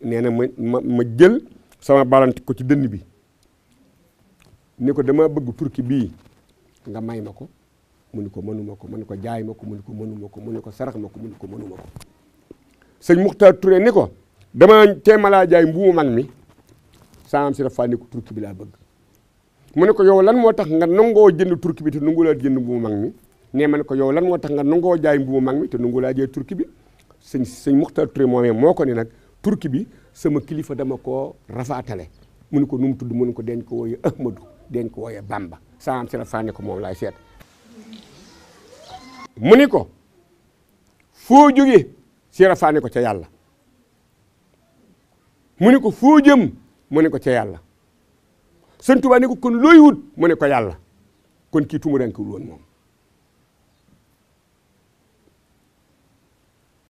nee na ma ma ma jël sama balante ko ci dënn bi ni ko dama bëgg turki bii nga may ma ko mu ni ko mënuma ko mu ni ko jaay ma ko mu ni ko mënuma ko mu ni ko sarax ma ko mu ni ko mënuma ko sëñ Muxtaar Touré ni ko dama teemalaa jaay mbuumu man mi saam si dafa ni bëgg mu ne yow lan moo tax nga nangoo jënd turki bi te laa jënd mbuumu mag mi nee ma ne ko yow lan moo tax nga nangoo jaay mbuumu mag mi te nangu laa jaay turki bi sëñ sëñ Muxtaar Touré moomee moo ko ni nag turki bi sama kilifa dama ko rafaatale mu ne ko nu mu tudd mu ne ko deñ ko wooye Ahmadu deñ ko wooye Bamba saam si la ko moom laay seet mu ni ko foo jóge sira fànne ko ca yàlla mu ne ko foo jëm mu ne ko ca yàlla sëñ Tuubaa ko kon looy wut mu ne ko yàlla kon kii tumu rankiwul woon moom